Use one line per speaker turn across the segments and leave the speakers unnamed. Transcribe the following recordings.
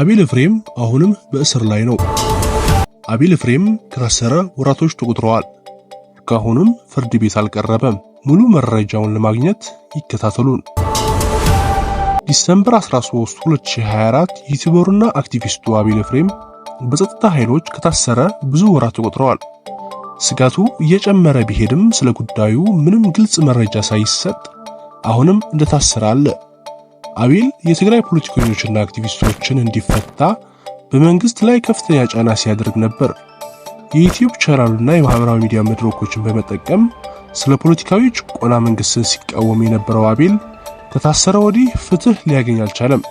አቢል ፍሬም አሁንም በእስር ላይ ነው። አቢል ፍሬም ከታሰረ ወራቶች ተቆጥረዋል። ከአሁንም ፍርድ ቤት አልቀረበም። ሙሉ መረጃውን ለማግኘት ይከታተሉን። ዲሰምበር 13 2024 ዩቲዩበሩና አክቲቪስቱ አቢል ፍሬም በጸጥታ ኃይሎች ከታሰረ ብዙ ወራት ተቆጥረዋል። ስጋቱ እየጨመረ ቢሄድም ስለ ጉዳዩ ምንም ግልጽ መረጃ ሳይሰጥ አሁንም እንደታሰረ አለ። አቤል የትግራይ ፖለቲከኞችና አክቲቪስቶችን እንዲፈታ በመንግስት ላይ ከፍተኛ ጫና ሲያደርግ ነበር። የዩቲዩብ ቻናሉና የማህበራዊ ሚዲያ መድረኮችን በመጠቀም ስለ ፖለቲካዊ ጭቆና መንግስትን ሲቃወም የነበረው አቤል ከታሰረ ወዲህ ፍትህ ሊያገኝ አልቻለም።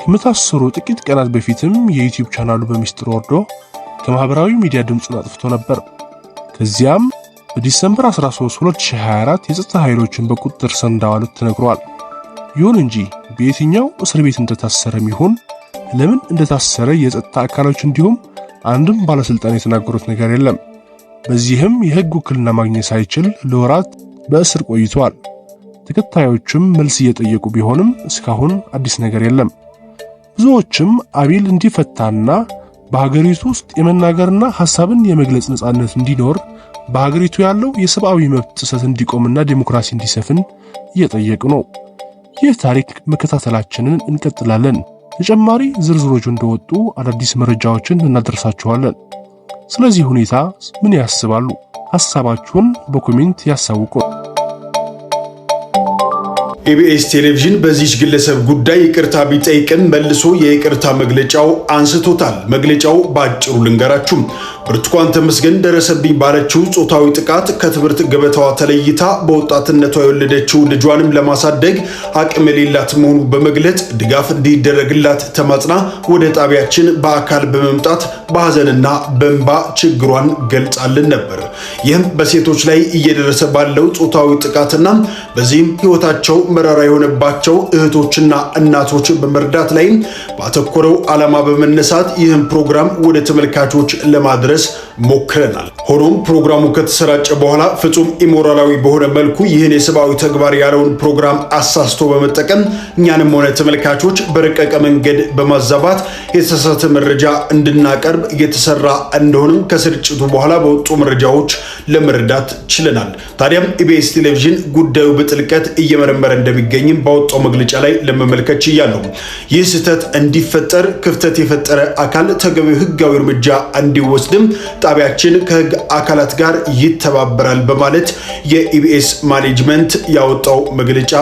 ከመታሰሩ ጥቂት ቀናት በፊትም የዩቲዩብ ቻናሉ በሚስጥር ወርዶ ከማህበራዊ ሚዲያ ድምፁን አጥፍቶ ነበር። ከዚያም በዲሰምበር 13 2024 የጸጥታ ኃይሎችን በቁጥጥር ስር እንዳዋሉት ተነግሯል። ይሁን እንጂ በየትኛው እስር ቤት እንደታሰረ ይሁን ለምን እንደታሰረ የጸጥታ አካሎች እንዲሁም አንድም ባለስልጣን የተናገሩት ነገር የለም። በዚህም የህግ ውክልና ማግኘት ሳይችል ለወራት በእስር ቆይቷል። ተከታዮቹም መልስ እየጠየቁ ቢሆንም እስካሁን አዲስ ነገር የለም። ብዙዎችም አቤል እንዲፈታና በሀገሪቱ ውስጥ የመናገርና ሐሳብን የመግለጽ ነጻነት እንዲኖር በሀገሪቱ ያለው የሰብአዊ መብት ጥሰት እንዲቆምና ዴሞክራሲ እንዲሰፍን እየጠየቁ ነው። ይህ ታሪክ መከታተላችንን እንቀጥላለን። ተጨማሪ ዝርዝሮች እንደወጡ አዳዲስ መረጃዎችን እናደርሳችኋለን። ስለዚህ ሁኔታ ምን ያስባሉ? ሐሳባችሁን በኮሜንት ያሳውቁ።
ኢቢኤስ ቴሌቪዥን በዚች ግለሰብ ጉዳይ ይቅርታ ቢጠይቅም መልሶ የይቅርታ መግለጫው አንስቶታል። መግለጫው በአጭሩ ልንገራችሁም ብርቱካን ተመስገን ደረሰብኝ ባለችው ጾታዊ ጥቃት ከትምህርት ገበታዋ ተለይታ በወጣትነቷ የወለደችው ልጇንም ለማሳደግ አቅም የሌላት መሆኑ በመግለጽ ድጋፍ እንዲደረግላት ተማጽና ወደ ጣቢያችን በአካል በመምጣት በሐዘንና በእንባ ችግሯን ገልጻልን ነበር። ይህም በሴቶች ላይ እየደረሰ ባለው ጾታዊ ጥቃትና በዚህም ሕይወታቸው መራራ የሆነባቸው እህቶችና እናቶች በመርዳት ላይ ባተኮረው ዓላማ በመነሳት ይህን ፕሮግራም ወደ ተመልካቾች ለማድረስ Jesus ሞክረናል። ሆኖም ፕሮግራሙ ከተሰራጨ በኋላ ፍጹም ኢሞራላዊ በሆነ መልኩ ይህን የሰብአዊ ተግባር ያለውን ፕሮግራም አሳስቶ በመጠቀም እኛንም ሆነ ተመልካቾች በረቀቀ መንገድ በማዛባት የተሳሳተ መረጃ እንድናቀርብ እየተሰራ እንደሆንም ከስርጭቱ በኋላ በወጡ መረጃዎች ለመረዳት ችለናል። ታዲያም ኢቢኤስ ቴሌቪዥን ጉዳዩ በጥልቀት እየመረመረ እንደሚገኝም ባወጣው መግለጫ ላይ ለመመልከት ችያለሁ። ይህ ስህተት እንዲፈጠር ክፍተት የፈጠረ አካል ተገቢው ሕጋዊ እርምጃ እንዲወስድም ጣቢያችን ከህግ አካላት ጋር ይተባበራል በማለት የኢቢኤስ ማኔጅመንት ያወጣው መግለጫ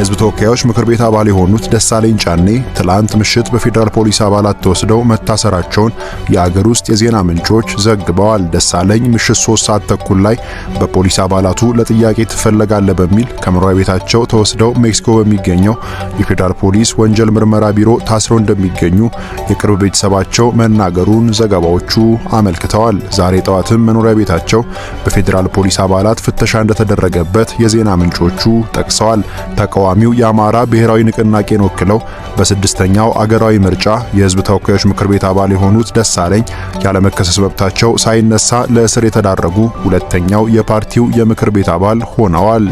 የህዝብ ተወካዮች ምክር ቤት አባል የሆኑት ደሳለኝ ጫኔ ትላንት ምሽት በፌዴራል ፖሊስ አባላት ተወስደው መታሰራቸውን የአገር ውስጥ የዜና ምንጮች ዘግበዋል። ደሳለኝ ምሽት ሶስት ሰዓት ተኩል ላይ በፖሊስ አባላቱ ለጥያቄ ትፈለጋለህ በሚል ከመኖሪያ ቤታቸው ተወስደው ሜክሲኮ በሚገኘው የፌዴራል ፖሊስ ወንጀል ምርመራ ቢሮ ታስረው እንደሚገኙ የቅርብ ቤተሰባቸው መናገሩን ዘገባዎቹ አመልክተዋል። ዛሬ ጠዋትም መኖሪያ ቤታቸው በፌዴራል ፖሊስ አባላት ፍተሻ እንደተደረገበት የዜና ምንጮቹ ጠቅሰዋል። ተቃዋሚው የአማራ ብሔራዊ ንቅናቄን ወክለው በስድስተኛው አገራዊ ምርጫ የህዝብ ተወካዮች ምክር ቤት አባል የሆኑት ደሳለኝ ያለመከሰስ መብታቸው ሳይነሳ ለእስር የተዳረጉ ሁለተኛው የፓርቲው የምክር ቤት አባል ሆነዋል።